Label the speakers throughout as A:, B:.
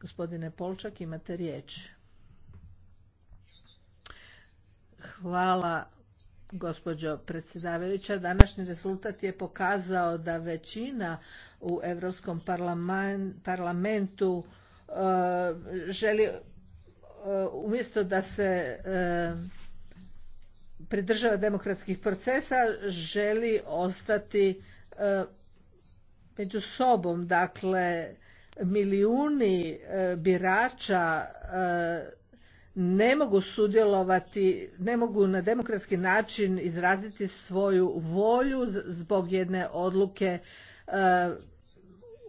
A: Gospodine Polčak, imate riječ. Hvala gospođo predsjedavajuća. Današnji rezultat je pokazao da većina u Europskom parlamentu e, želi e, umjesto da se e, pridržava demokratskih procesa želi ostati među sobom. Dakle, milijuni e, birača e, ne mogu sudjelovati, ne mogu na demokratski način izraziti svoju volju zbog jedne odluke e,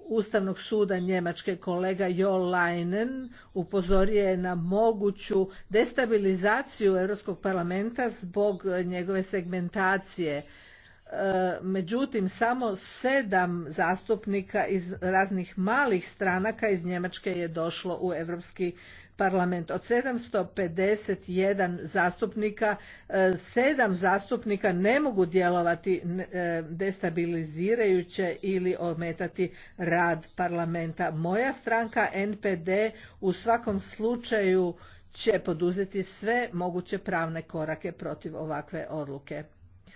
A: Ustavnog suda Njemačke kolega Jo Leinen upozorio na moguću destabilizaciju Europskog parlamenta zbog njegove segmentacije međutim samo sedam zastupnika iz raznih malih stranaka iz Njemačke je došlo u Europski parlament. Od 751 zastupnika, e, sedam zastupnika ne mogu djelovati e, destabilizirajuće ili ometati rad parlamenta. Moja stranka NPD u svakom slučaju će poduzeti sve moguće pravne korake protiv ovakve odluke.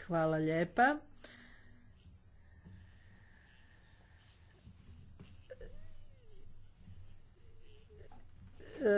A: Hvala lijepa. E, e,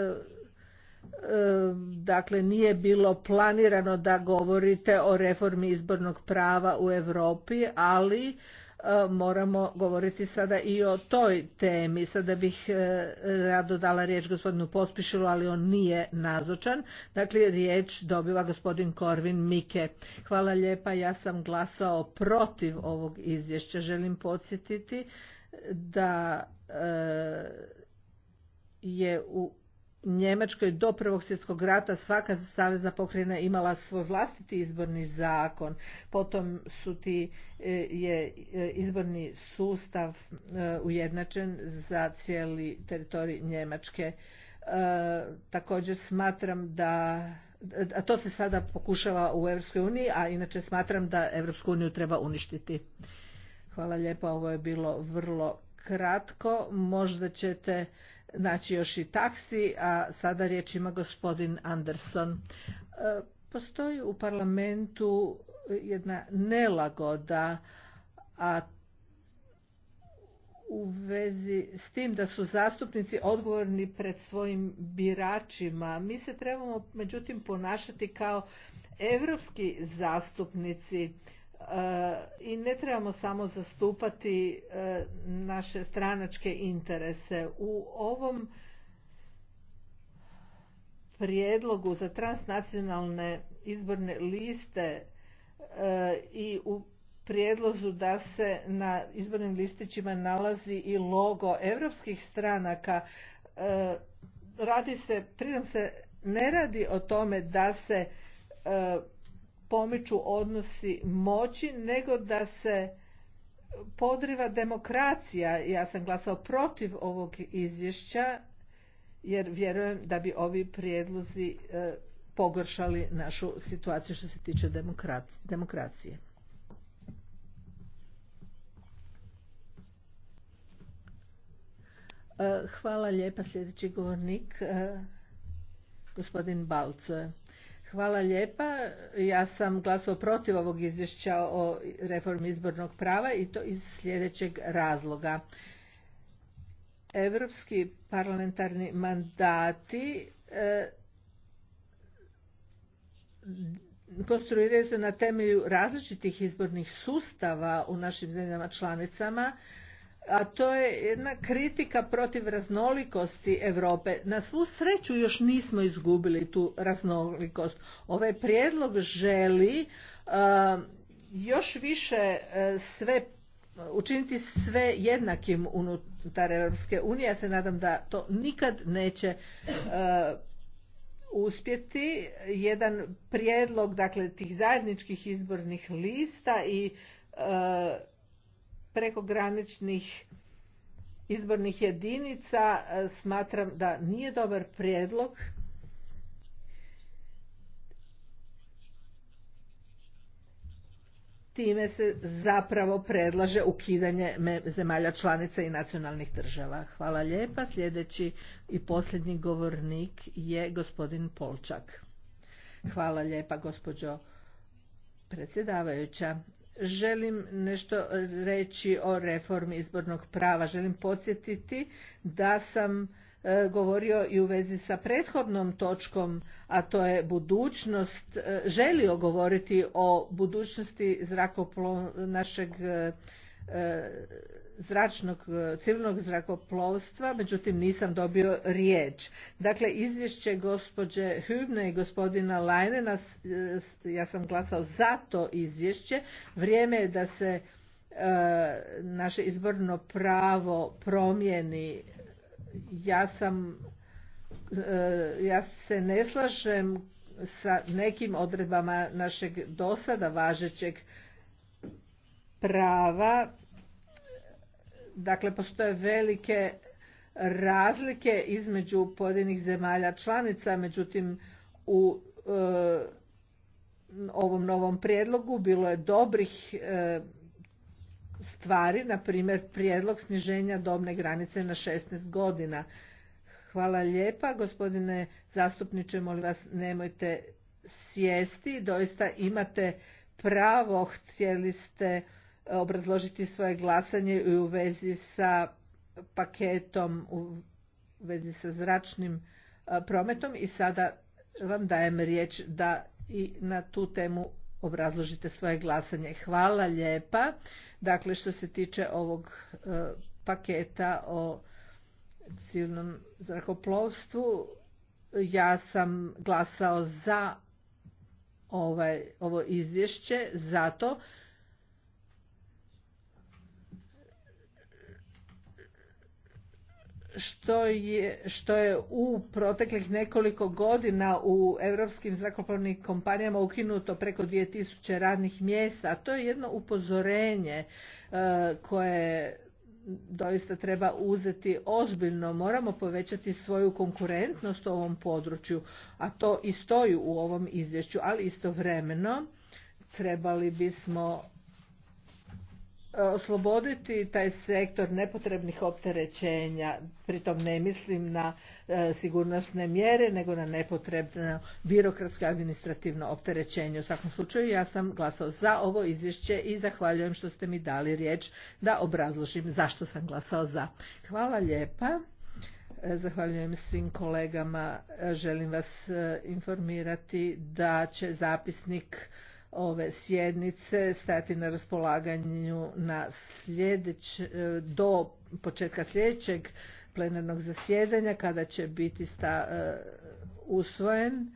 A: dakle, nije bilo planirano da govorite o reformi izbornog prava u Europi, ali E, moramo govoriti sada i o toj temi. Sada bih e, rado dala riječ gospodinu Pospišilu, ali on nije nazočan. Dakle, riječ dobiva gospodin Korvin Mike. Hvala lijepa, ja sam glasao protiv ovog izvješća. Želim podsjetiti da e, je u Njemačkoj do Prvog svjetskog rata svaka savezna pokrajina imala svoj vlastiti izborni zakon. Potom su ti e, je e, izborni sustav e, ujednačen za cijeli teritorij Njemačke. također smatram da a to se sada pokušava u Europskoj uniji, a inače smatram da Europsku uniju treba uništiti. Hvala lijepa, ovo je bilo vrlo kratko. Možda ćete znači još i taksi, a sada riječ ima gospodin Anderson. E, postoji u parlamentu jedna nelagoda, a u vezi s tim da su zastupnici odgovorni pred svojim biračima. Mi se trebamo međutim ponašati kao europski zastupnici i ne trebamo samo zastupati e, naše stranačke interese. U ovom prijedlogu za transnacionalne izborne liste e, i u prijedlozu da se na izbornim listićima nalazi i logo europskih stranaka e, radi se prim se ne radi o tome da se pomiču odnosi moći nego da se podriva demokracija. Ja sam glasao protiv ovog izvješća jer vjerujem da bi ovi prijedlozi e, pogoršali našu situaciju što se tiče demokracije. E, hvala lijepa sljedeći govornik, e, gospodin Balco. Hvala lijepa. Ja sam glasao protiv ovog izvješća o reformi izbornog prava i to iz sljedećeg razloga. Europski parlamentarni mandati e, konstruiraju se na temelju različitih izbornih sustava u našim zemljama članicama a to je jedna kritika protiv raznolikosti Europe. Na svu sreću još nismo izgubili tu raznolikost. Ovaj prijedlog želi e, još više e, sve učiniti sve jednakim unutar Europske unije. Ja se nadam da to nikad neće e, uspjeti. Jedan prijedlog dakle tih zajedničkih izbornih lista i prekograničnih izbornih jedinica e, smatram da nije dobar prijedlog time se zapravo predlaže ukidanje zemalja članica i nacionalnih država. Hvala lijepa. Sljedeći i posljednji govornik je gospodin Polčak. Hvala lijepa gospođo predsjedavajuća želim nešto reći o reformi izbornog prava. Želim podsjetiti da sam e, govorio i u vezi sa prethodnom točkom, a to je budućnost, e, želio govoriti o budućnosti zrakoplov našeg e, zračnog, e, civilnog zrakoplovstva, međutim nisam dobio riječ. Dakle, izvješće gospođe Hübne i gospodina Lajnena, e, ja sam glasao za to izvješće, vrijeme je da se e, naše izborno pravo promijeni. Ja sam, ja se ne slažem sa nekim odredbama našeg dosada važećeg prava Dakle, postoje velike razlike između pojedinih zemalja članica, međutim u e, ovom novom prijedlogu bilo je dobrih e, stvari, na primjer prijedlog sniženja dobne granice na 16 godina. Hvala lijepa, gospodine zastupniče, molim vas nemojte sjesti, doista imate pravo, htjeli ste obrazložiti svoje glasanje i u vezi sa paketom u vezi sa zračnim prometom i sada vam dajem riječ da i na tu temu obrazložite svoje glasanje. Hvala lijepa. Dakle, što se tiče ovog paketa o civilnom zrakoplovstvu, ja sam glasao za ovaj, ovo izvješće zato što je, što je u proteklih nekoliko godina u europskim zrakoplovnim kompanijama ukinuto preko 2000 radnih mjesta. A to je jedno upozorenje e, koje doista treba uzeti ozbiljno. Moramo povećati svoju konkurentnost u ovom području, a to i stoji u ovom izvješću, ali istovremeno trebali bismo osloboditi taj sektor nepotrebnih opterećenja, pritom ne mislim na e, sigurnosne mjere, nego na nepotrebno birokratsko administrativno opterećenje. U svakom slučaju ja sam glasao za ovo izvješće i zahvaljujem što ste mi dali riječ da obrazložim zašto sam glasao za. Hvala lijepa. E, zahvaljujem svim kolegama. E, želim vas informirati da će zapisnik ove sjednice stati na raspolaganju na sljedeć, e, do početka sljedećeg plenarnog zasjedanja kada će biti sta, e, usvojen